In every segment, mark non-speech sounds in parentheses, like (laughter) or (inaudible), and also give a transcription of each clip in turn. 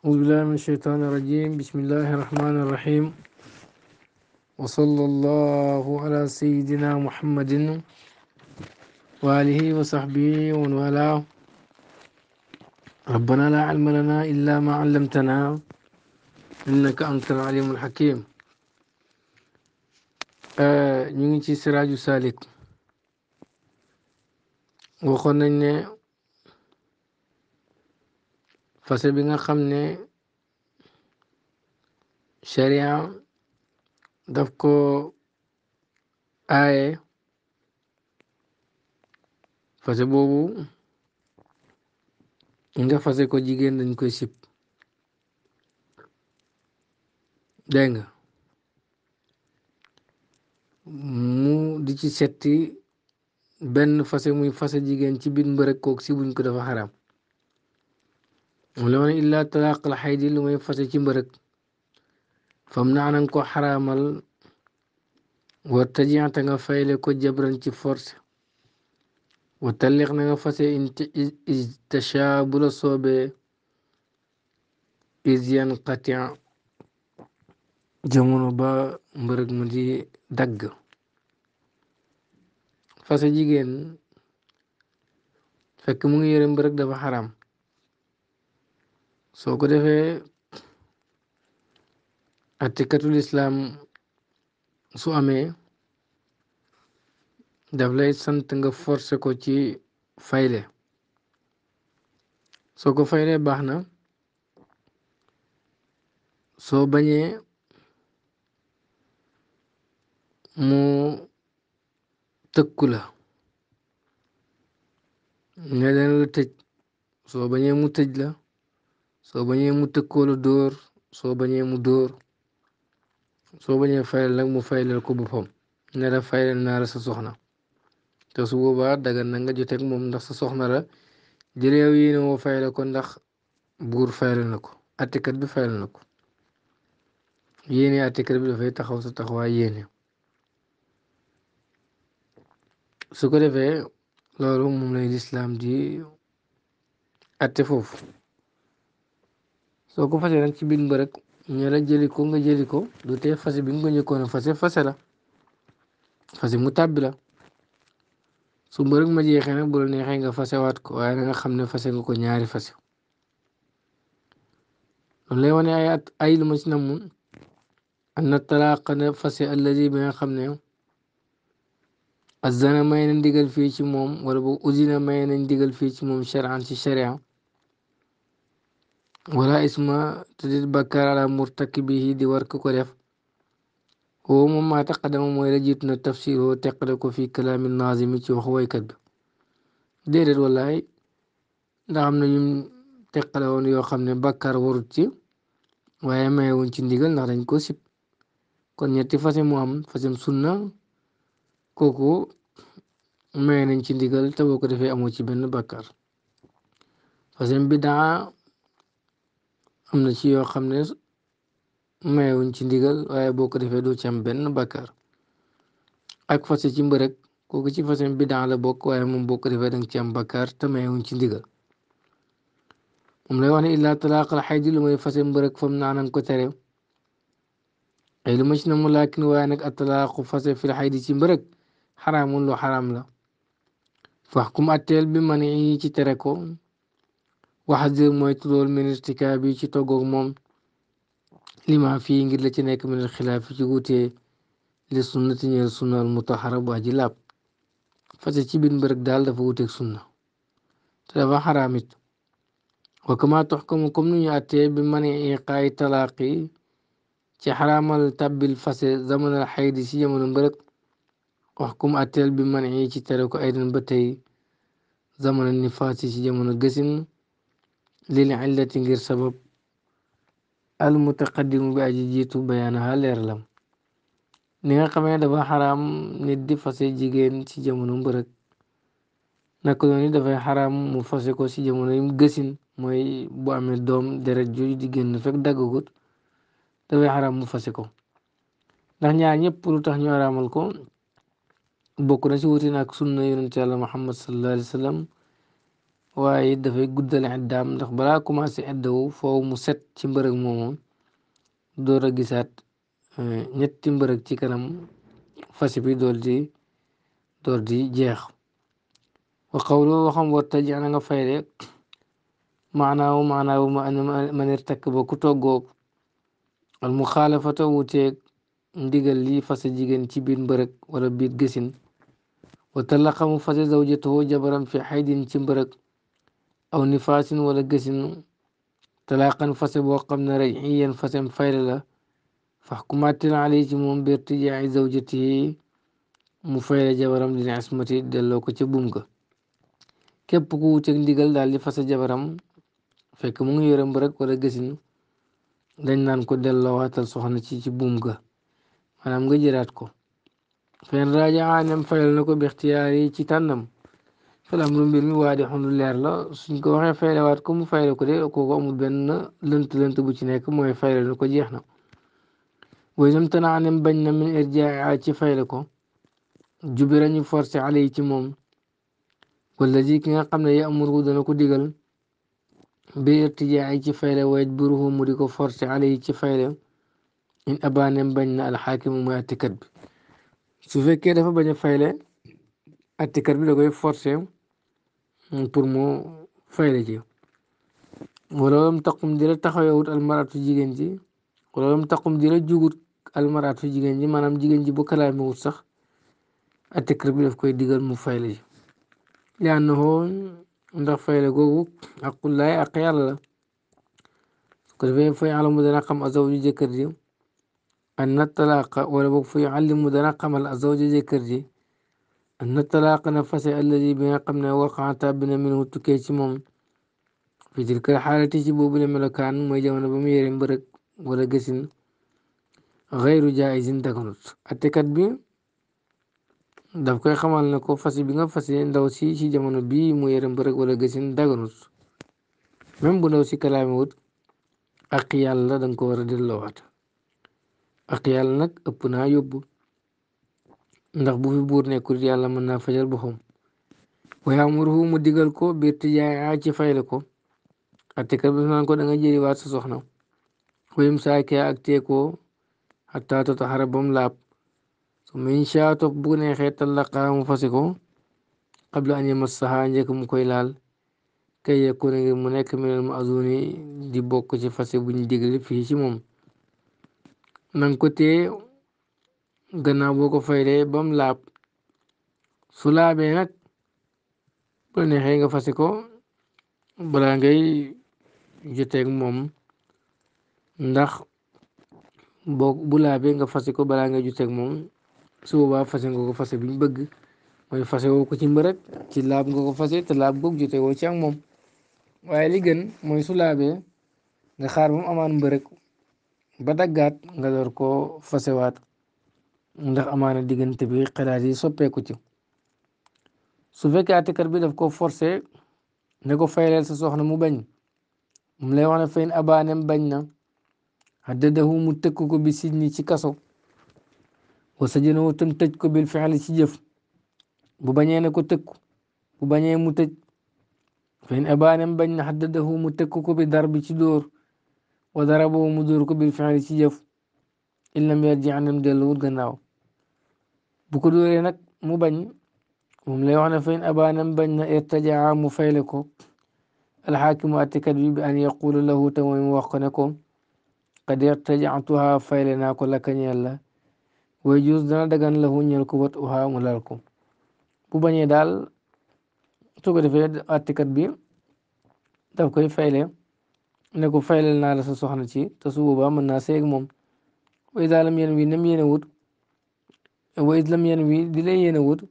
أعوذ بالله من الشيطان الرجيم بسم الله الرحمن الرحيم وصلى الله على سيدنا محمد وآله وصحبه ومن والاه ربنا لا علم لنا إلا ما علمتنا إنك أنت العليم الحكيم آه، نجي سراج سالك siraaju fase bi nga xam ne sharia daf ko aaye fase boobu nga fase ko jigéen dañ koy sip dégg nga mu di ci setti benn fase muy fase jigéen ci biir mbërëg kook si buñ ko dafa xaram ولون إلا تلاق الحيد اللي ما يفاس يجمبرك فمنعنا نكو حرام وارتجع تنغ فايلة كو جبرا تفرس وطلق نغ فاس إجتشاب لصوب إذ ينقطع جمون با مبرك مجي دق فاس جيجين فكمون يرمبرك دفع حرام soo ko defee attikatul islaam su amee daf lay sant nga forcé ko ci fayle soo ko faylee baax na soo bañee mu tëkku la ne la tëj soo bañee mu tëj la soo bañee mu tëkkoo la dóor soo bañee mu dóor soo bañee fayal nag mu fayalal ko boppam ne la fayal naar sa soxna te su boobaa dagan na nga joteeg moom ndax sa soxna ra jëleew yi ne moo fayal ko ndax buur fayal na ko attikat bi fayal na ko yéene attikat bi taxaw sa taxawaay yéene su ko defee loolu moom lay lislaam di atte foofu soo ko fase nag ci biir mbër rek ñu la jëli ko nga jëli ko du tee fase bi nga ko a fase fase la fase mu tàbbi la su mbër ma jeexee nag bu la neexee nga fasewaat ko waaye na nga xam ne fase ko ñaari fase loolu lay wane ay at ay lu ma ci namun ana talaaqa na fase alladi bi nga xam ne azana may na ndigal fii ci moom wala boog usina may na digal fii ci moom charan ci wala isma te dit bakkaar ala murtakibihi di war ko ko def woo moom maa taqadama mooy la jiit na tafsir woo teqale ko fi kalaami naazimi ci wax waykat bi déedéet wallaay ndax am na ñu teqale woon yoo xam ne bakkaar warut ci waaye mayewuñ ci ndigal ndax dañ ko sib kon ñetti fase mu am fasem sunna kooku maye nañ ci ndigal te boo ko defee amoo ci benn bakkaar bidaa am na ci yo xamne ne mayewuñ ci ndigal waye boko defé do ci am benn bakkar ak fassé ci mbërëg kooku ci façon bidaa la bok waye moom boko defé dang ci am bakkar te mayewuñ ci ndigal moom lay wone illa talaq al hayd lu may fase mbërëg fam naanang ko tere ay lu ma ci na lakin waye nak at talaq fassé fil hayd ci mbërëg haramun lu haram la fax kum atteel bi mani ci tere ko واحد زي ما يتدول من ارتكابي شي توقوغ موم لما في انجل لتنك من الخلاف جوتي لسنة نيال سنة المطهرة بواجلاب فتاتي بن برك دال دفوتك سنة تدفع حرامت وكما تحكمكم نيو اتي بمن ايقاء تلاقي تي حرام التب الفس زمن الحيد سي من برك وحكم اتي بمن ايقاء تلاقي ايضا بتي زمن النفاس سي من القسن lil illati ngir sabab al mutaqaddimu bi aji jiitu bayaanaha leeralam ni nga xamee dafa xaraam nit di fase jigéen ci jamono mbërëg naka noonu dafay xaraam mu fase ko ci jamono yim gësin mooy bu amee doom deret jooju di génn fekk daggagut dafay xaraam mu fase ko ndax ñaar ñëpp lu tax ñu araamal ko bokk na ci wutin ak sunna yonent yàlla muhammad sallallahu alayhi wa waaye dafay guddal iddaam ndax balaa commencé iddawu foow mu set ci mbërëg moomu door a gisaat eh, ñetti mbërëg ci kanam fas bi door di door di jeex wa qawloo waxam warta ji ana nga fayde maanaawu maanaawu ma man irtakaba ku toggoog al muxaalafata wuteeg ndigal lii fase jigéen ci biir mbërëg wala biir gësin wa talaqa mu fase zawjatoo jabaram fi xaydin ci mbërëg aw nifaasin wala gësin talaaqan fase boo xam ne rek yéen fasem fayda la fax ku màttil ali ci moom biir tijaay zawjati mu fayda jabaram dina asmati delloo ko ca buum ga képp ku wuteeg ndigal daal di fase jabaram fekk mu ngi yërëm rek wala gësin dañ naan ko delloowatal soxna ci ci buum ga maanaam nga jëraat ko fen raaja anem fayal na ko bixtiyaar yi ci tànnam fal amru mbir mi waadihun lu leer la suñ ko waxee faylawaat ko mu fayle ko de kooku amul benn lënt lënt bu ci nekk mooy fayle lu ko jeex na waysam tanaanem bañ na min irjaa ci fayle ko jubira ñu forcé ale ci moom wala ji ki nga xam ne yamuru dana ko digal bi irtijaa ci fayle wayet buruhu mu di ko forcé ale ci fayle in abaanem bañ na alxaakimu mooy attikat bi su fekkee dafa bañ a fayle attikat bi da koy forcé pour mu fayda ji walolam taqum di la taxawewut almaraatu jigéen ji walolam taqum di la jugut almaraatu jigéen ji maanaam jigéen ji bu kalaamiwut sax atikër bi daf koy digal mu fayla ji liannahoo ndax fayla googu aqullaay ak yàlla la ko defee fay alamu dana xam azawju jëkkër ji an na talaqa wala boog fay alimu dana xamal azawju jëkkër ji na talaaq na fase alladi bi nga xam ne waqaa bi na minhu tukkee ci moom fi tilkal xaalati ci boobu la melokaan mooy jamono ba mu yore mbërëg wala gësin xayru jaaisin daganut attekat bi daf koy xamal ne ko fase bi nga fase ndaw si ci jamono bii mu yore mbërëg wala gësin daganut même bu si kalaame wut ak yàlla danga ko war a delloowaat ak yàlla nag ëpp naa yóbbu ndax bu fi buur nekkul yàlla mën na fajal boppam waaye amuruhu mu digal ko biir tijaay ci fayle ko attekat bi naan ko da nga jëriwaat sa soxna wayum saakee ak teekoo xataa toto xara bam laab su ma insha topp bu neexee tallaqaa mu fase ko qabla an yamassaha njëkk mu koy laal kay yekku na ngir mu nekk minal mu azuni di bokk ci fase buñ digle fii ci moom nan ko tee gannaaw boo ko fayalee ba mu laab su laabee nag bu neexee nga fase ko balaa ngay joteeg moom ndax boo bu laabee nga fase ko balaa ngay joteeg moom su boobaa fase nga ko fase bi bëgg mooy fase woo ko ci mbërëg ci laab nga ko fase te laab googu jote woo ci ak moom waaye li gën mooy su laabee nga xaar ba mu amaan mbërëg ba daggaat nga door koo fasewaat ndax amaana diggante bi xalaat yi soppeeku ci su fekkee àttekat bi daf ko forcé na ko fayleel sa soxna mu bañ mu lay wax ne fayin abaanem bañ na haddadahu mu tëkk ko bi sijni ci kaso wa sajanahu tam tëj ko bil fexli ci jëf bu bañee ne ko tëkku bu bañee mu tëj fayin abaanem bañ na haddadahu mu tëkk ko bi dar bi ci dóor wa darabahu mu dóor ko bi fexli ci jëf illam yarji anam delluwut gannaaw bu ko dóoree nag mu bañ moom lay wax ne fayin abaanam bañ na irtajaa mu fayle ko alxaakimu attikat bi bi an yaqula lahu te mooy mu wax ko ne ko qad irtajaatuha fayle naa ko laka ñeel la way juus dana dagan lahu ñeel ko wat uha mu lal ko bu bañee daal su ko defee bi daf koy fayle ne ko faylel naa la sa soxna ci te su boobaa mën naa seeg moom way daalam yéen وإذ لم ينوي دلي ينود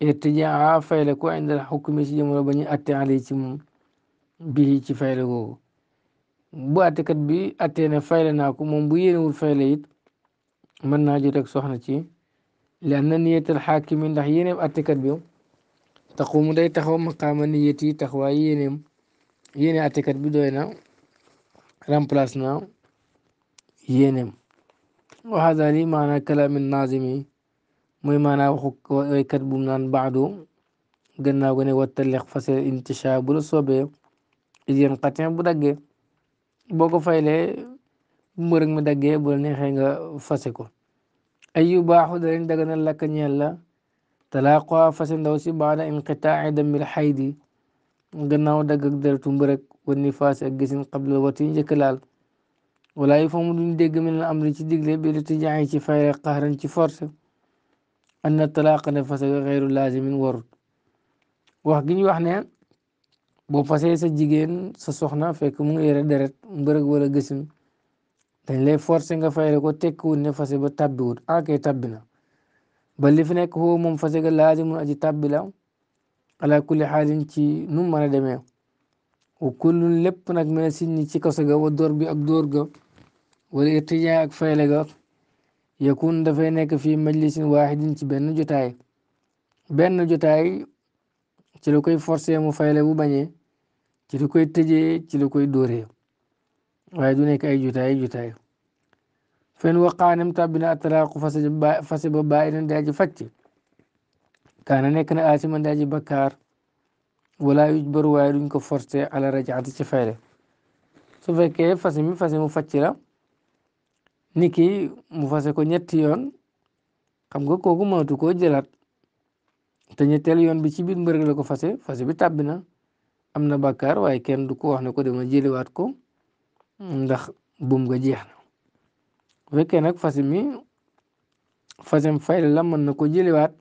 يتجع فعلك عند الحكم يسجم ربني أتي عليك به تفعله بو أتكت بي أتينا فعلنا كمم بي ينود فعليت من ناجرك سوحنا تي لأن نية الحاكمين لح ينب أتكت بيو تقوم داي تخو مقام نيتي تخوى ينب ينب أتكت بي دوينا رمبلاسنا ينب وهذا لي معنى كلام الناظم mooy maanaam waxu waykat bu mu naan baadu gannaaw ga ne wattaleex fase intisha bu la soobee yéen xatin bu daggee boo ko faylee bu mbërëg mi daggee bu la neexee nga fase ko ay yu baaxu danañ daganal lakk ñeel la talaaqoa fase ndaw si baada inqitaaci damil xaydi gannaaw dagg ak deretu mbërëg wan nifaas ak gisin qabla wati njëkk laal wala yi foomu duñ dégg min am ri ci digle bi lu tijaay ci fayre xaxran ci force an na talaaq ne fase xeyru laazimin warut wax gi ñu wax ne boo fasee sa jigéen sa soxna fekk mu ngi yore deret mbërëg wala gësim dañ lay forcé nga fayre ko tekkiwut ne fase ba tàbbiwut akay ah, tàbbi na ba li fi nekk foofu moom fase ga laazimun aji tàbbi la ala kulli xaalin ci nu mu mën a demee wa kullun lépp nag mën a ci kaso wa dóor bi ak dóor wala irtijaa ak fayle ga yakun dafay nekk fii majlisin waaxidin ci benn jotaay benn jotaay ci la koy forcé mu fayle bu bañe ci la koy tëjee ci la koy dóoree waaye du nekk ay jotaay jotaay fen waqaanem tàbbina atalaaqu fase ba bàyyi na daaji facc kaana nekk na aasiman daaji bakkaar walaa yuj baru waaye ko forcé ala rajaati fayle su fekkee fase mi fase mu facc la ni ki mu fase ko ñetti yoon xam nga kooku mënatu koo jëlaat te ñetteel yoon bi ci biir mbërëg la ko fase fase bi tàbbi na am na bàkkaar waaye kenn du ko wax ne ko dama jëliwaat ko ndax buum nga jeex na bu fekkee nag fase mi fasem fay la mën na ko jëliwaat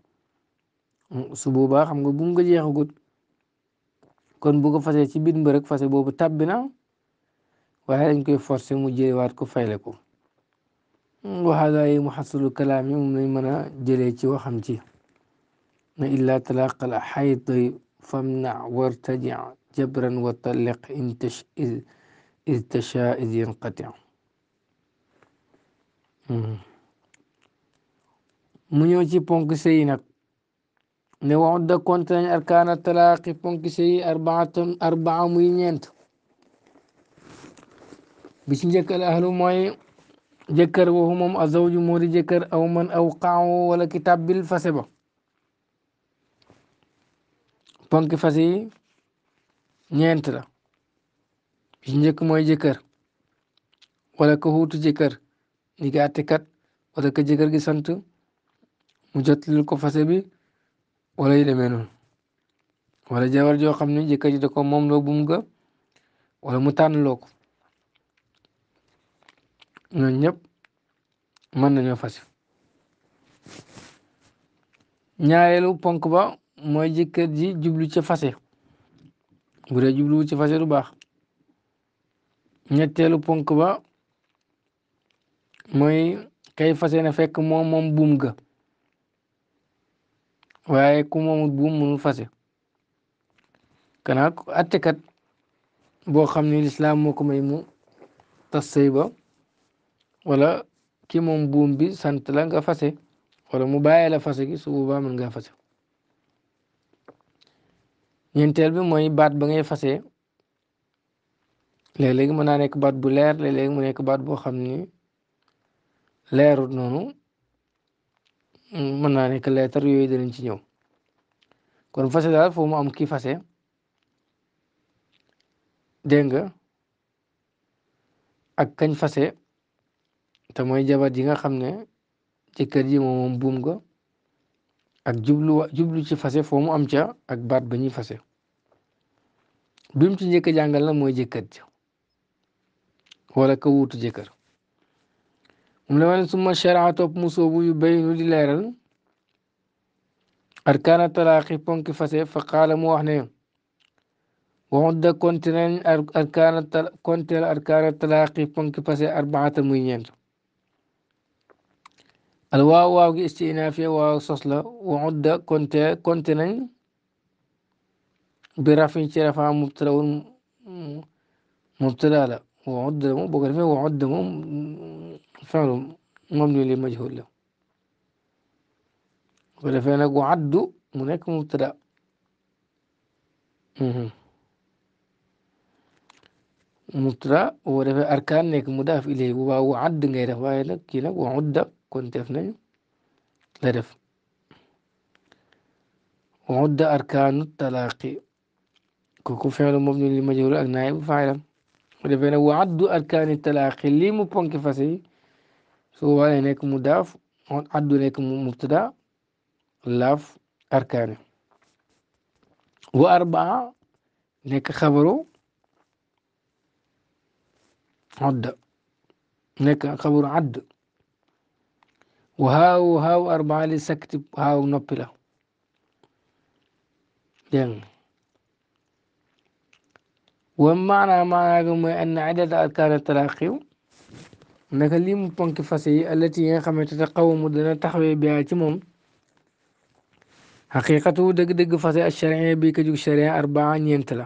su boobaa xam nga buum nga jeexagut kon bu ko fasee ci biir mbërëg fase boobu tàbbi na waaye dañ koy forcer mu jëliwaat ko fayle ko وهذا أي محصل كلامي من منا جليتي وخمتي ما إلا تلاقى الحيض فامنع وارتجع جبرا وطلق إن تش إذ, إذ تشاء إذ ينقطع مو يجي بونك سينك نو عدة كونت أركان الطلاق بونك سي أربعة أربعة مينينت بسنجك الأهل مين jëkkër wo moom azawju moo di jëkkër aw man aw xaawo wala ki tàbbil fase ba ponk fase yi ñeent la bi ci njëkk mooy jëkkër wala ko xuutu jëkkër ñi ngi àttekat wala ko jëkkër gi sant mu jotlil ko fase bi wala yu demee noonu wala jabar joo xam ne jëkkër ji da ko loo bum ga wala mu tànn ko ñooñu ñëpp mën nañoo fas ñaareelu ponk ba mooy jëkkër ji jublu ci fase bu ci fase du baax ñetteelu ponk ba moy kay fase na fekk moom moom buum ga waaye ku moomut buum mënul fase kanaa attekat boo xam ne lislaam moo ko may mu tas ba wala kii moom buum bi sant la nga fase wala mu bàyyi la fase gi su boobaa mën ngaa fase ñeenteel bi mooy baat ba ngay fase léeg-léegi mën naa nekk baat bu leer léeg-léegi mu nekk baat boo xam ni leerut noonu mën naa nekk leetar yooyu danañ ci ñëw kon fase daal foo mu am ki fase dégg nga ak kañ fase te mooy jabar ji nga xam ne jëkkër ji moom moom buum ga ak jublu ci fase foo mu am ca ak baat ba ñuy fase bi mu ci njëkk jàngal na mooy jëkkër ji wala ka wuutu jëkkër moom la wane suma sharaa mu soobu yu bay nu di leeral arkaana talaaqi ponki fase fa qaala mu ne waxut da konte nañ arkaana kontel ponki fase arbaata muy ñeent al waaw waaw gi istinaafiya waaw sos la wa udda konte konte nañ bi rafin ci rafaa mubtada wul mubtada la wa udda moom boo ko defee wa udda moom fi'lu moom ni li majhul la bu ko defee nag wa addu mu nekk mubtada mhm. mubtada boo defee arkaan nekk mudaaf ilayhi bu baax wa add ngay def waaye nag kii nag wa udda كنت اثنين لرف وعد أركان التلاقي كوكو فعل مبني لمجهول النائب فعلا ولبين وعد أركان التلاقي لي مبنك فسي فاسي سو هناك مضاف عد هناك مبتدا لاف أركان وأربعة نك خبرو عد نك خبر عد waaw waaw arbaa li sakti noppi la dégg nga wam maanaa maanaa ga mooy ann adada arkaana taraqiw naka lii mu ponki fase yi allati yi nga xamante ne xawamu dana taxawee biyaa ci moom xaqiqatu dëgg-dëgg fase ak charin bi ka jug arbaa ñeent la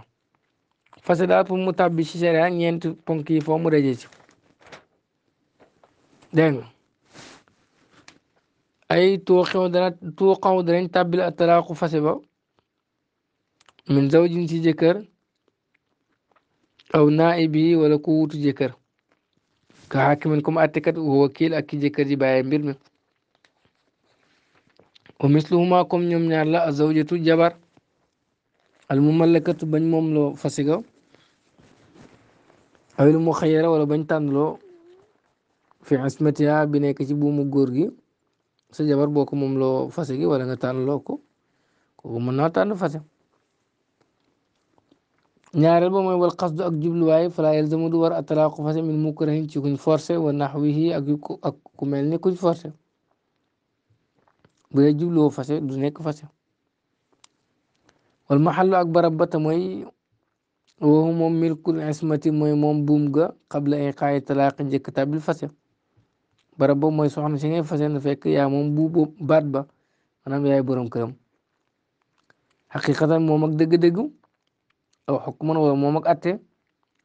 fase daal pour mu tàbbi ci charin ñeent ponk yi foo mu daje اي توقع درا توقع درا تابل الطلاق فسبا من زوج تجكر او نائبي ولا قوت تجكر كحاكم لكم اتكت ووكيل اكي جكر جي باي بير ومثلهما كم نيوم نيار لا الزوجة جبر المملكة بن موم لو فسيغا او المخيرة ولا بن تان لو في عصمتها بنيكة جبو مغورغي sa jabar boo ko moom loo fase gi wala nga tànn loo ko kooku mën naa tànn fase ñaareel ba mooy wal xasdu ak jubluwaay falaa yalzamu du war atalaaqu fase min mukrahin ci kuñ forcé wa naxwihi ak ak ku mel ni kuñ forcé bu dee jubluwoo fase du nekk fase wal maxallu ak barab ba ta mooy woowu moom milkul ismati mooy moom buum ga qabla inqaa'i talaaqi njëkk tàbbil fase barab boobu mooy soxna si ngay fas yéene fekk moom bu baat ba maanaam yaay borom këram xaqiqatan moom ak dëgg-dëgg aw xukman wala moom ak atte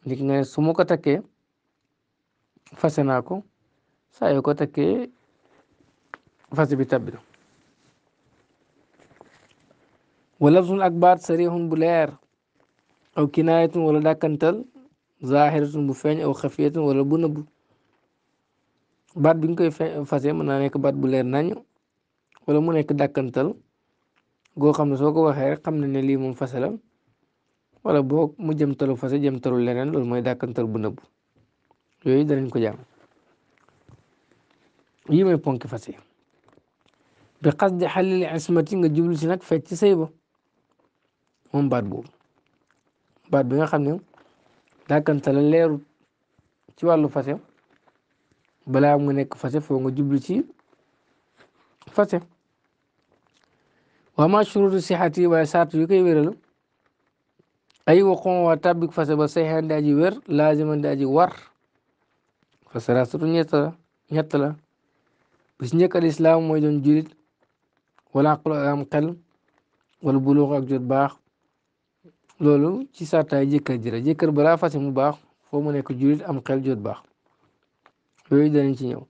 ndik nga ne su ma ko takkee fase naa ko saa yoo ko takkee fase bi tabbi na wala sun ak baat bu leer aw kinaayatun wala dàkkantal bu feeñ aw wala bu baat bi nga koy fase mën naa nekk baat bu leer nañ wala mu nekk dàkkantal goo xam ne soo ko waxee xam ne ne lii moom fase la wala boo mu jëm talu fase jëm talu leneen loolu mooy dàkkantal bu nëbbu yooyu danañ ko jàng yi mooy ponki fase bi xas di xalil ismati nga jublu si nag fecc sëy ba moom baat boobu baat bi nga xam ne dàkkantal leeru ci wàllu fase balaa mu nekk fase foo nga jublu ci fase wa ma shurutu sixati waaye sartu yu koy wéral ay waxoon waa tàbbik fase ba sayxan daa ji wér laaziman daa war fase la surtout ñett la ñett la bis njëkk al islaam mooy doon julit wala am xel wala buluux ak jot baax loolu ci sartaay jëkkër ji la jëkkër balaa fase mu baax foo mu nekk julit am xel jot baax yooyu danañ ci ñëw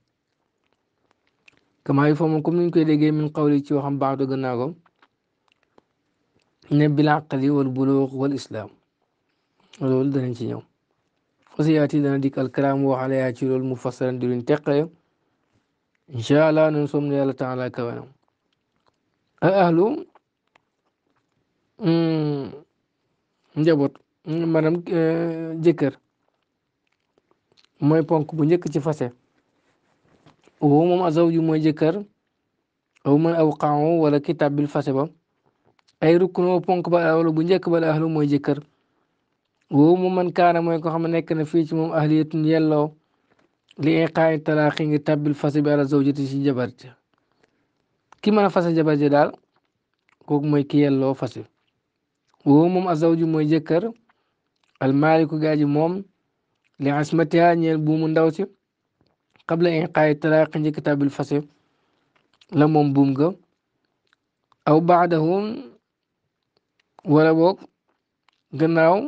kama yu fa moom comme niñ koy déggee min xawli ci waxam baax do gannaaw ko ne bil aqli wal buluux wal islaam loolu danañ ci ñëw xosiyaati dana dikk alkalaam waxale yaa ci loolu mu fassaran di luñ teqee incha allah noonu soom ne yàlla taala kawenam al ahlu mm, njaboot maanaam eh, mooy ponk bu njëkk ci fase wow moom azawju mooy jëkkër aw man aw xaaw wala ki tàbbil fase ba ay rukkunoo ponk ba ahlu bu njëkk ba ahlu mooy jëkkër wow moom man kaana mooy ko xam ne nekk na fii ci moom ahliyatun yelloo li iqaayi talaaxi ngi tàbbil fase bi ala zawjati ci jabar ji ki mën fase jabar ji daal kooku mooy ki yelloo fase wow moom azawju mooy jëkkër almaaliku gaaji moom li asmatiha ñeel buumu ndaw si xabla inqaay talaaq njëkk tàbbil fase la moom buum ga aw baada baadahu wala boog gannaaw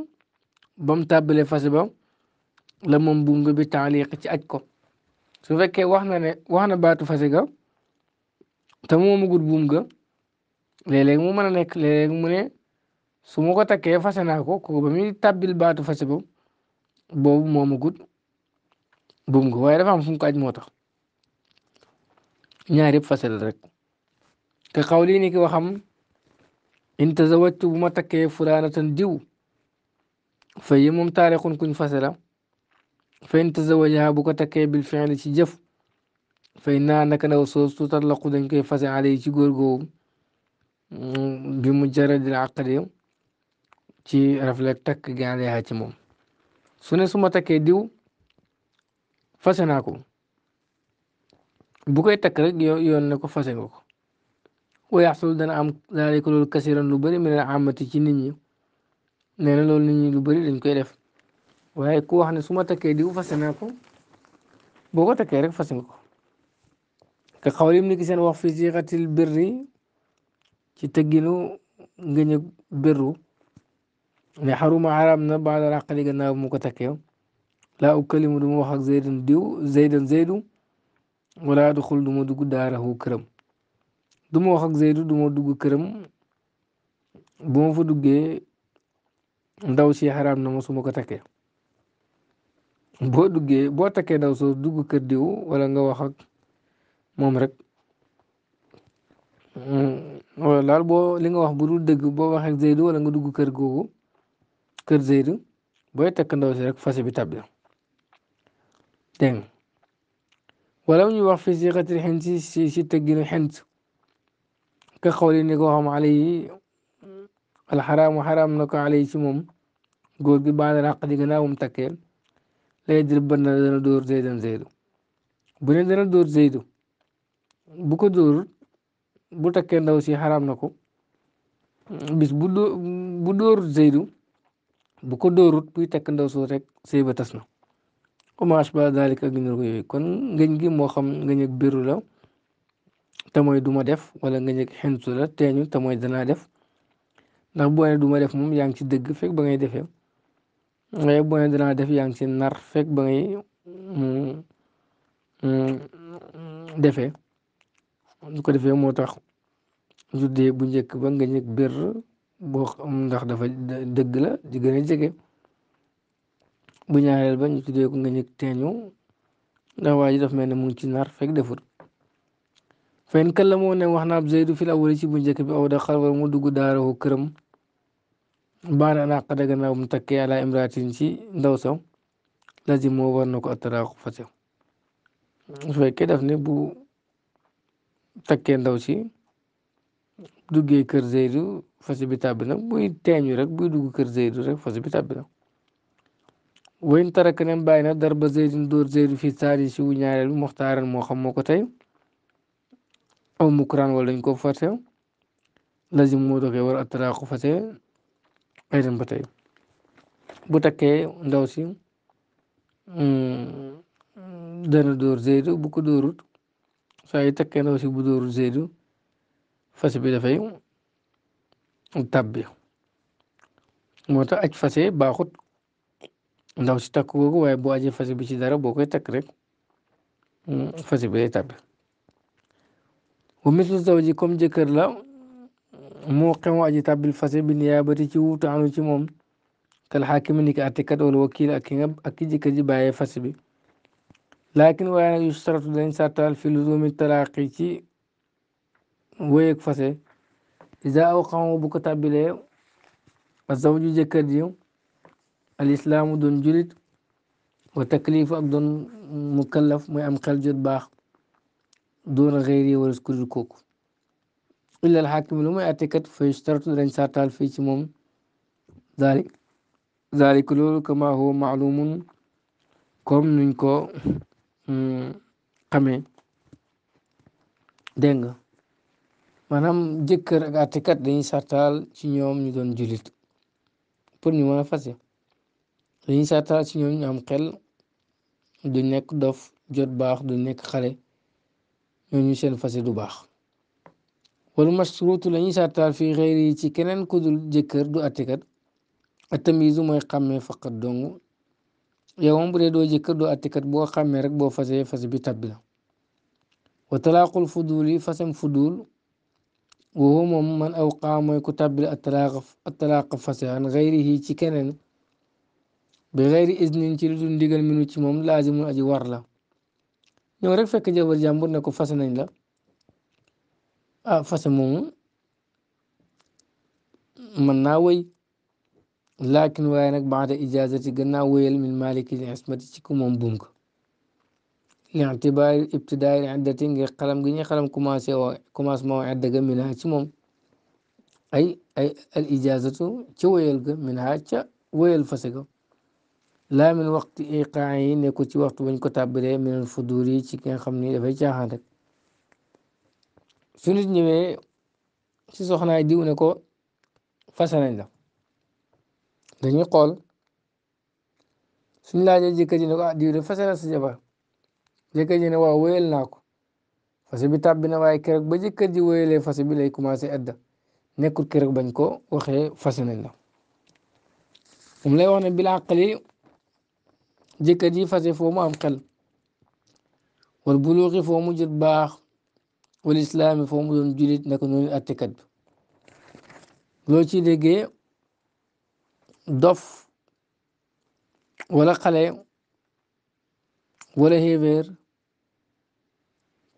ba mu tàbbile fase ba la moom buum ga bi taaliq ci aj ko su fekkee wax na ne wax na baatu fase ga te moomagut buum ga léeg-léeg mu mën a nekk mu ne su ma ko takkee fase naa ko kooku ba muy tàbbil baatu fase ba boobu moomu gut buum ko waaye dafa am fu mu ko aj moo tax ñaar yëpp fasal rek te ni ki waxam in tazawajtu bu ma takkee fulaanatan diw fa yi moom taarixun kuñ fasala fa in tazawajaha bu ko takkee bil fi'li ci jëf fa in naa naka naw soos tu tarlaqu dañ koy fase ci góor googu mm, bi mu jaradil aqdi ci moom su ne su ma takkee diw fase naa ko bu koy takk rek yoon ne ko fase ko wa yaxsul dana am daalika loolu kasiran lu bëri mel ne amati ci nit ñi nee na loolu nit ñi lu bëri dañ koy def waaye ku wax ne su ma takkee diw fase naa ko boo ko takkee rek fase nga ko te xaw lim ni ki seen wax fii ci ci tëgginu ngëñëg birru ne xaruma xaraam na baada raqali gannaaw mu ko takkee laa ukalimu du ma wax ak zaydan diw zaydan zaydu wala duxul du ma dugg daarahu këram du ma wax ak zaydu du ma dugg këram bu ma fa duggee ndaw si xaraam na ma su ma ko takkee boo duggee boo takkee ndaw so dugg kër diw wala nga wax ak moom rek hmm, wala daal boo li nga wax bu dul dëgg boo wax ak wala nga dugg kër googu kër Zeydu booy takk ndaw si rek fase bi ñuy wax fi siixatil xent si si tëgginu ka xawli ni ko xam alayhi alxaraamu na ko alayhi ci moom góor gi baal ràq di gannaaw moom takkee lay dir ban dana dóor Zeydan Zeydu bu dana dóor Zeydu bu ko dóor bu takkee ndaw si xaraam na ko bis bu dóor Zeydu bu ko dóorut buy takk ndaw soo rek sëy ba tas na hommage ba dalik ak numéro yooyu kon ngëñ gi moo xam ngëñ ak biru la te duma def wala ngëñ ak xentu la teeñu te danaa def ndax boo nee duma def moom yaa ngi ci dëgg fekk ba ngay defee waaye boo nee def yaa ngi ci nar fekk ba ngay mm, mm, defee su ko defee moo tax juddee bu njëkk ba ngëñ ak bir boo mm, ndax dafa dëgg la di gën bu ñaareel ba ñu tuddee ko nga ñëg teeñu ndax waa daf mel ne mu ngi ci nar fekk defut fen kan ne wax naab zeydu fil awwali ci bu njëkk bi aw da mu dugg daarahu këram baana naq da gannaaw mu takkee ala imraatin ci ndaw saw lazim moo war na ko attaraaku fase su fekkee daf ne bu takkee ndaw si duggee kër zeydu fas bi tàbbi nag muy teeñu rek buy dugg kër rek fas bi tàbbi na wéyn tarak nem bàyyi na darba Zeydin dóor Zeydu fi saadi si wu ñaareel bi moo xam moo ko tey aw mukuraan wala dañ ko forcé lazim moo doxee war attaraaku fase ay dem ba tey bu takkee ndaw si mm, dana dóor Zeydu bu ko dóorut saa yi takkee ndaw si bu dóorut Zeydu fas bi dafay tàbbi moo tax aj fase baaxut ndaw si takkoo googu waaye boo ajee fase bi ci dara boo koy takk rek mm, fase bi day tàbbi wa mislu zawji comme jëkkër la moo xew aji tàbbil fase bi niyaabati ci wuutu anu ci moom kal xaakimi ki àttekat wala wakiil ak ki ji bàyyee fase bi laakin waaye nag yu saratu dañ sàttaal fi luzumi talaaqi ci wéyeg fase إذا أوقعوا بكتا بليو الزوج جكديو الإسلام دون جلد وتكليف أبدون مكلف ما أمقل جد باخ دون غيري ورسكو الكوكو إلا الحاكم لما أعتقد فيشترط لأن ساتال في سموم ذلك ذلك لول كما هو معلوم كم ننكو قمي دينغو maanaam jëkkër ak àttekat dañuy sartaal ci ñoom ñu doon jullit pour ñu mën a fase dañuy sartaal ci ñoom ñu am xel du nekk dof jot baax du nekk xale ñu seen fase du baax wala masruutu la ñuy sartaal fii xëyri ci keneen ku jëkkër du àttekat atamisu mooy xàmmee faqat dong yow moom bu dee doo jëkkër doo àttekat boo xàmmee rek boo fase fase bi tabbi la wa talaaqul fuduli fasam fudul وهم من أوقاموا كتب التلاقف التلاقف عن غيره تكنن بغير إذن تلدون ديغل منو تمام لازم أجي ورلا نو رك فك جاو نكو فاسن لا آه، فاسمون من ناوي لكن وينك بعد إجازة جنا من مالك العصمة تكو من بونكو intibaari ibtidaari iddati ngir xalam gi ñu xalam commencé wa commencement wa idda ga minha ci moom ay ay al ijazatu ci wéyal ga minha ca wéyal fase ga min waxtu iqaa yi nekku ci waxtu bañ ko tàbbalee minal fudur yi ci ki nga xam ni dafay caaxaan rek su nit ñëwee ci soxnaay diw ko fase nañ la dañuy xool suñ laajee jëkkër ji ne ko sa jabar jëkkër ji ne waaw wéyal naa ko fas bi tàbbi na waaye keroog ba jëkkër ji wéyalee fas bi lay commencé adda nekkul keroog bañ ko waxee fas nañ la mu lay wax ne bila aqli jëkkër ji fa foo mu am xel wal buluuxi foo mu jot baax wal islaami foo mu doon julit naka noonu attekat bi loo ciy déggee dof wala xale wala xéevéer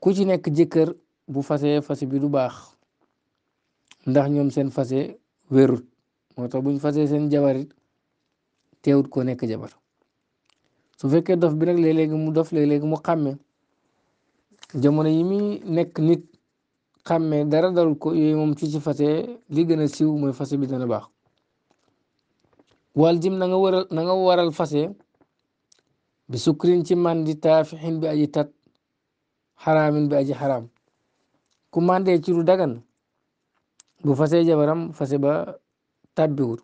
ku ci nekk jëkkër bu fasee fase bi du baax ndax ñoom seen fase wérut moo tax buñ fasee seen jabarit teewut koo nekk jabar su fekkee dof bi nag léeg-léegi mu dof léeg-léegi mu xàmme jamono yi muy nekk nit xàmmee dara darul ko yooyu moom ci ci fase li gën a siiw mooy fase bi dana baax wal jim waral na nga waral fase bi sukrin ci man di bi aji tat xaraamin bi aji xaraam ku màndee ci dagan bu fasee jabaram fase ba tàbbiwul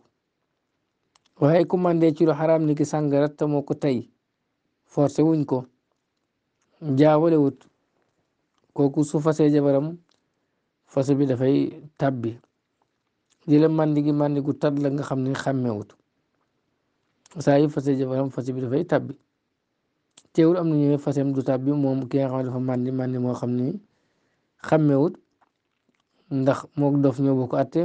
waaye ku màndee ci lu niki ni ki sàngara te moo ko tey forcé wuñ ko jaawalewut kooku su fasee jabaram fase bi dafay tàbbi di la màndi gi màndi gu tat la nga xam ne xàmmewut saa yu fasee jabaram fase bi dafay tabi teewul am nañu ne fasem du tàbbi moom ki nga xam ne dafa màndi màndi moo xam ni xàmmewut ndax mook dof ñoo bokk àtte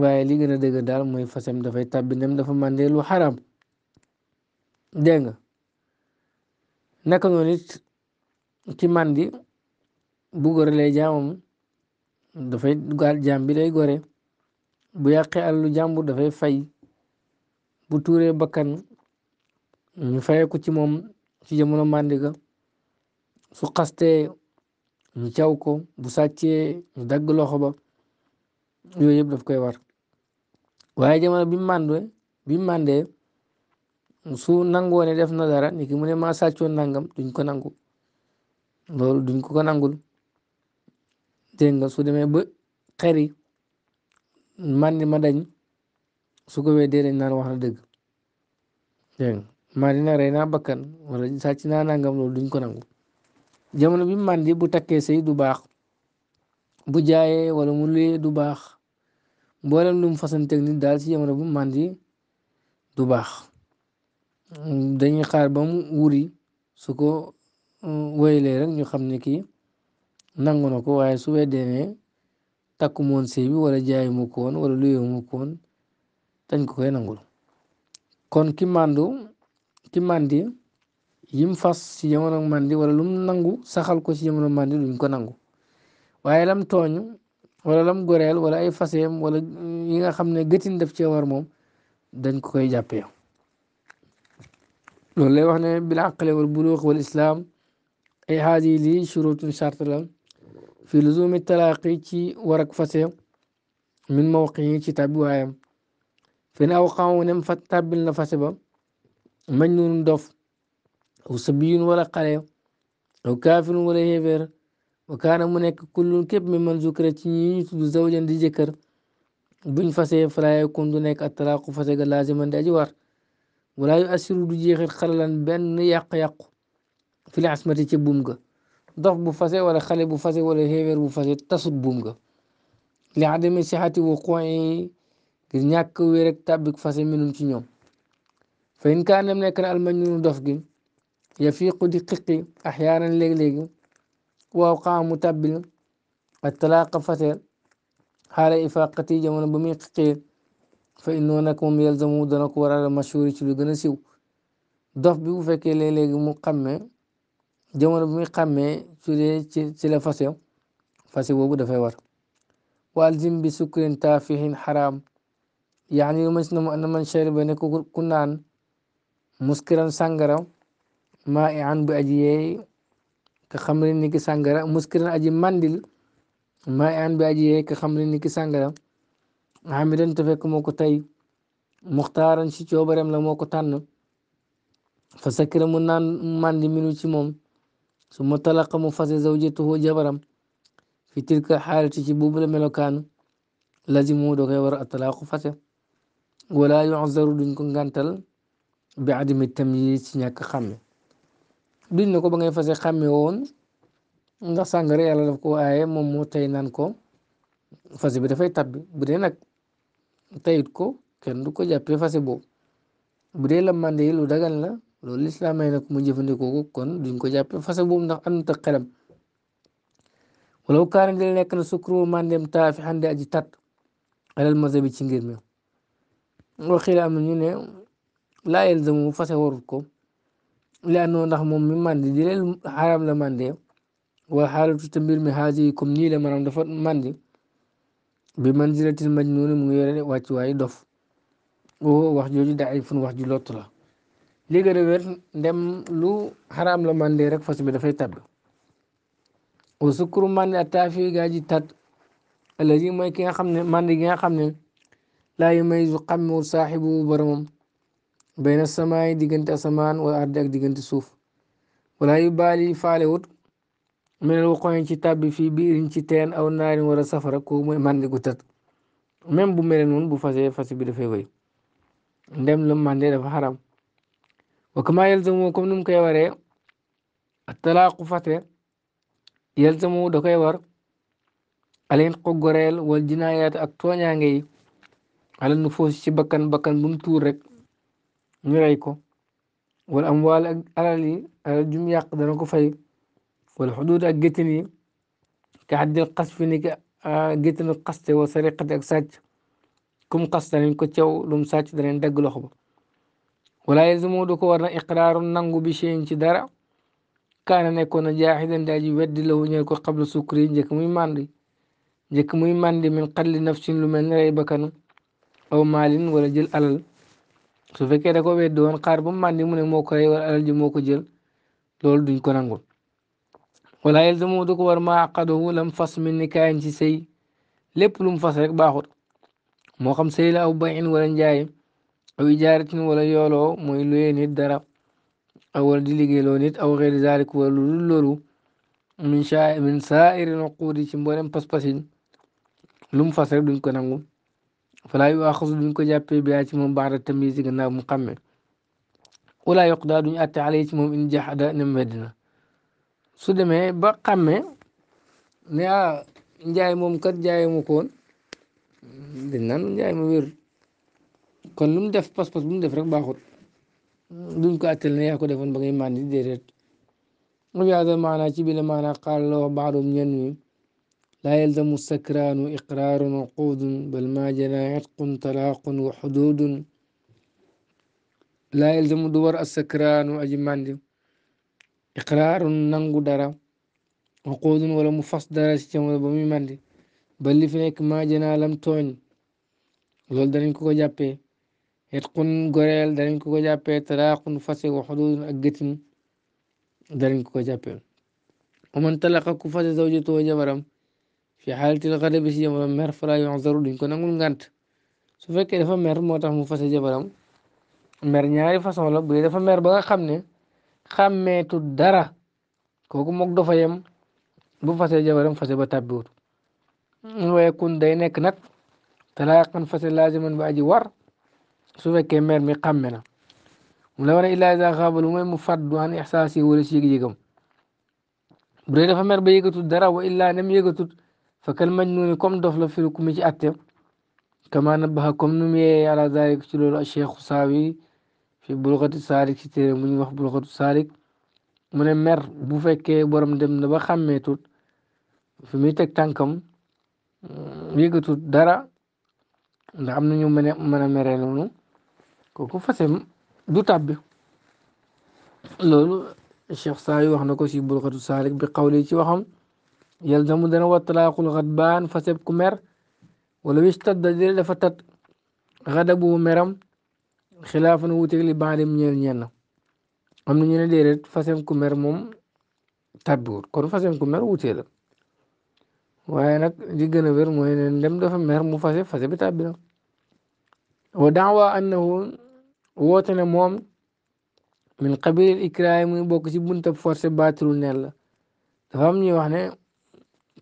waaye li gën a dëgg daal mooy fasem dafay tàbbi ndem dafa màndee lu xaraam dégg naka noonu it ci bu gore lay jaamam dafay gaal jaam bi gore bu yàqee àllu jàmbur dafay fay bu tuuree bakkan ñu faye ko ci moom ci jamono màndiga su xastee ñu caw ko bu sàccee ñu dagg loxo ba yooyu yëpp daf koy war waaye jamono bi mu màndee bi mu su nangoo ne def na dara niki mu ne maa sàccoon nangam duñ ko nangu loolu duñ ko ko nangul dégg nga su demee ba xeri màndi ma dañ su ko wéy dee naan wax dëgg maanaam rey naa bakkan wala sàcc naa nangam loolu duñ ko nangu jamono bi màndi bu takkee sëy du baax bu jaayee wala mu luyee du baax mboolem lu mu fasanteeg nit daal si jamono bu màndi du baax dañuy xaar ba mu wuri su ko uh, wéyalee rek ñu xam ne kii nangu na ko waaye su weddee ne takku moon sëy bi wala jaayu mu ko wala luyee mu ko woon dañ ko koy nangul kon ki màndu ci màndi yim fas ci jamono màndi wala lum nangu saxal ko ci jamono màndi duñ ko nangu waaye lam tooñ wala lam goreel wala ay faseem wala yi nga xam ne gëtin def cee war moom dañ ko koy jàppee loolu lay wax ne bil aqli wal buluux wal islaam ay xaadi lii shurutun charte la fi luzumi talaaqi ci war ak fase min mawqi ci tàbbi waayam fi ne aw xamu nem fa ba مجنون دف وصبي ولا قليل وكافر ولا هبر وكان منك كل كب من من ذكر تنيني تزوجا دي جكر بن فسي فلا يكون دونك التلاق فسي لازم دي جوار ولا يؤثر دي جكر خلالا بان يق يق في العصمة تبومك ضف بفسي ولا خلي بفسي ولا هبر بفسي تصب بومك لعدم صحة وقوعي غير ñàkk wér ak tàbbik fase minum ci ñoom fa in kaanam nekk na almañunu dof gi yafiqu di xiqi axyaanan léegi-léegi waaw xaamu tàbbil ak talaaqa fate xaala ifaqati jamono ba muy xiqee fa innoo nag moom yalzamu dana ko waral mashhuri ci lu gën a siw dof bi bu fekkee léeg-léegi mu xàmme jamono bu muy xàmmee su dee ci ci la fase fase boobu dafay war walzim bi sukrin taafihin xaraam yaani lu mas na mu anna man shariba ne ku naan muskiran sàngara maa i an bu aji ka xam ne ni ki sàngara muskiran aji mandil maa i an bu aji ka xam ne ni sàngara hamidan te fekk moo ko tey muxtaaran ci coobareem la moo ko tànn fa sakira mu naan mandi minu ci moom suma ma talaqa mu fase zawjatuhu jabaram fi tilka xaalati ci boobu la melokaan lazimu da koy war fase wala yuxzaru duñ ko ngàntal bi adami tamyiz ci ñàkk xàmme duñ na ko ba ngay fase xàmme woon ndax sàngara yàlla daf ko aaye moom moo tey naan ko fase bi dafay tabbi bu dee nag tayit ko kenn du ko jàppee fase boobu bu dee la mande yi lu dagal la loolu lislaam ay nag mu jëfandikoo ko kon duñ ko jàppee fase boobu ndax àndut ak xelam walaw kaana di nekk na sukru mandem taa fi xande aji tat alal maza bi ci ngir mi waxi la am ne laa yelzamu fase warut ko li àndoon ndax moom mi màndi di leen la màndee wala xaalatu te mbir mi xaaji yi comme nii la maanaam dafa màndi bi manzilatil majnuun mu ngi yore wàccuwaay dof oo wax jooju daay fun wax ju la li gën a wér lu xaram la màndee rek fas bi dafay tabb wa sukkuru màndi attaafi gaa ji tat allazi mooy ki nga xam ne màndi gi nga xam ne laa yu may su xàmmewul bayna samaay diggante asamaan wala ardi ak diggante suuf wala yu baali faale wut meneen waxoon ci tàbbi fii biiriñ ci aw naarin war safara ko mooy màndi gu tat bu mel noonu bu fase fas bi dafay wéy ndem la màndee dafa xaram wa yalzamu comme nu mu koy ware talaaqu fate yalzamu da koy war alin ko goreel wal jinaayaat ak tooñaange yi ala nu foos ci bakkan bakkan bu mu rek ñu ray ko wala amwaal ak alal yi alal jum yàq dana ko fay wala xuduud ak géttin yi ka xaddil xas fi ni ka géttinu xaste wa sariqati ak sàcc kum xas danañ ko caw lum sàcc danañ dagg lox ba wala yelzumu du ko war na iqraaru nangu bi cheyin ci dara kaana nekkoon na jaaxidan daa ji weddi la wuñeel ko xablu sukri njëkk muy màndi njëkk muy màndi min xalli nafsin lu mel ni rey bakkanu aw maalin wala jël alal su fekkee da ko weddi woon xaar ba mu màndi mu ne moo ko rey wala alal moo ko jël duñ ko nangul wala yalzamu du ko war ma aqadahu lam fas min nikaayin ci sëy lépp lu mu fas rek baaxut xam sëy la aw bayin wala njaay aw ijaaratin wala yooloo mooy luyee nit dara aw wala di liggéeyloo nit aw xeeri zaalik wala lu min saa min saa iri nuquudi ci mboolem pas-pas yi mu fas duñ ko nangu falaa yu waaxasu duñ ko jàppee bi ci moom baax da tamyiz gannaaw mu xàmme wala yoq daa duñ àtte xale ci moom in jaxada nem weddina su demee ba xàmme ne ah kat jaayee ma ko woon dañ naan kon lu def pas-pas bu def rek baaxut duñ ko àttel ko defoon ba ngay màndi déedéet mu yaada maanaa ci bi la maanaa xaal لا يلزم السكران إقرار عقود بل ما جنى عتق طلاق وحدود لا يلزم دور السكران أجمان إقرار ننغ درا عقود ولا مفصدر ولا بميمان بل فيك ما جنى لم تون لول درين كو جابي يتقن غريل درين كو جابي طلاق فسي وحدود أجتن درين كو جابي ومن تلقى كفاز زوجته وجبرم fi xaalatil xadabi si jamono mer fala yuxzaru duñ ko nangul ngànt su fekkee dafa mer moo tax mu fase jabaram mer ñaari façon la bu dee dafa mer ba nga xam ne xàmmeetu dara kooku moog dafa yem bu fase jabaram fase ba tàbbiwut waaye kun day nekk nag talaaqan fase laaziman ba aji war su fekkee mer mi xàmme na mu la war a illaa isa xaabalu mooy mu fàddu an ixsaas yi wala si yëg-yëgam bu dee dafa mer ba yëgatut dara wa illaa nem yëgatut fa kal majnuuni comme dof la firi ku mi ci atte kama nabaha comme nu mu yee ala zalik ci loolu cheikhu saawi fi bulxatu saarik ci téere mu ñu wax bulxatu saarik mu ne mer bu fekkee borom dem na ba xàmmeetut fi muy teg tànkam mm, yëgatut dara ndax am nañu mën a mën a meree noonu kooku fase du tàbbi loolu cheikh saawi wax na ko si bulxatu saarik bi xawli ci waxam يلزم دنا وطلاق الغدبان فسب كمر ولو اشتد دل لفتت غدبو مرم خلاف نوتيك لبعض من يلنين ومن ينا ديرت فسب كمر مم تبور كون فسب كمر وتيلا وينك جيجن وير موين لم دفع مهر مفاسب فسب تبنا ودعوى أنه ووتنا موم من قبيل الإكرام بوكسي بنتب فرس باترو نيلا تفهمني وحنا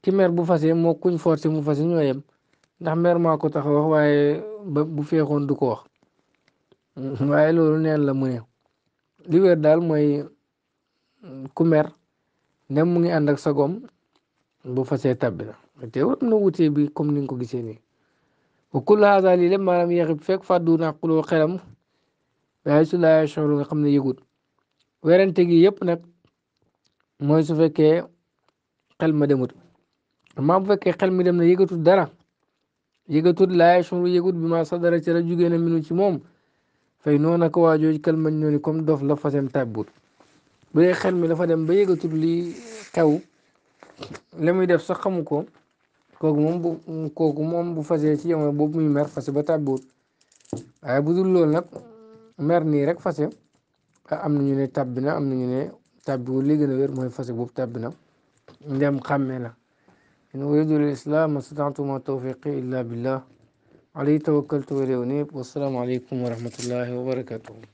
ki bu fasee moo kuñ forcé mu fase ñoo yem ndax mer maa ko tax wax bu feexoon du ko wax (laughs) waaye la mu ne li wér daal mooy ku mer ne mu ngi ànd ak sagom bu fasee tabbi na te war na wutee bi comme ni nga ko gisee nii wa kullu haada lii lépp maanaam yaxib fekk su laay soxlu nga xam ne yëgut werante gi yëpp nag mooy su fekkee xel ma demut maa bu fekkee xel mi dem na yëgatul dara yëgatul laay sunu yëgut bi maa sadara ci la jugee na minu ci moom fay noonu ak waa jooju kal mañ noonu comme dof la fasem tàbbut bu dee xel mi dafa dem ba yëgatul li xew la muy def sax xamu ko kooku moom bu kooku moom bu fasee ci jamono boobu muy mer fase ba tàbbut waaye bu dul loolu nag mer nii rek fase ah, am na ñu ne tàbbi na am na ñu ne tàbbiwul li gën a wér mooy fase boobu tàbbi na ndem xàmmee na. إن أريد الإسلام ما استطعت ما توفيقي إلا بالله عليه توكلت وإليه أنيب والسلام عليكم ورحمة الله وبركاته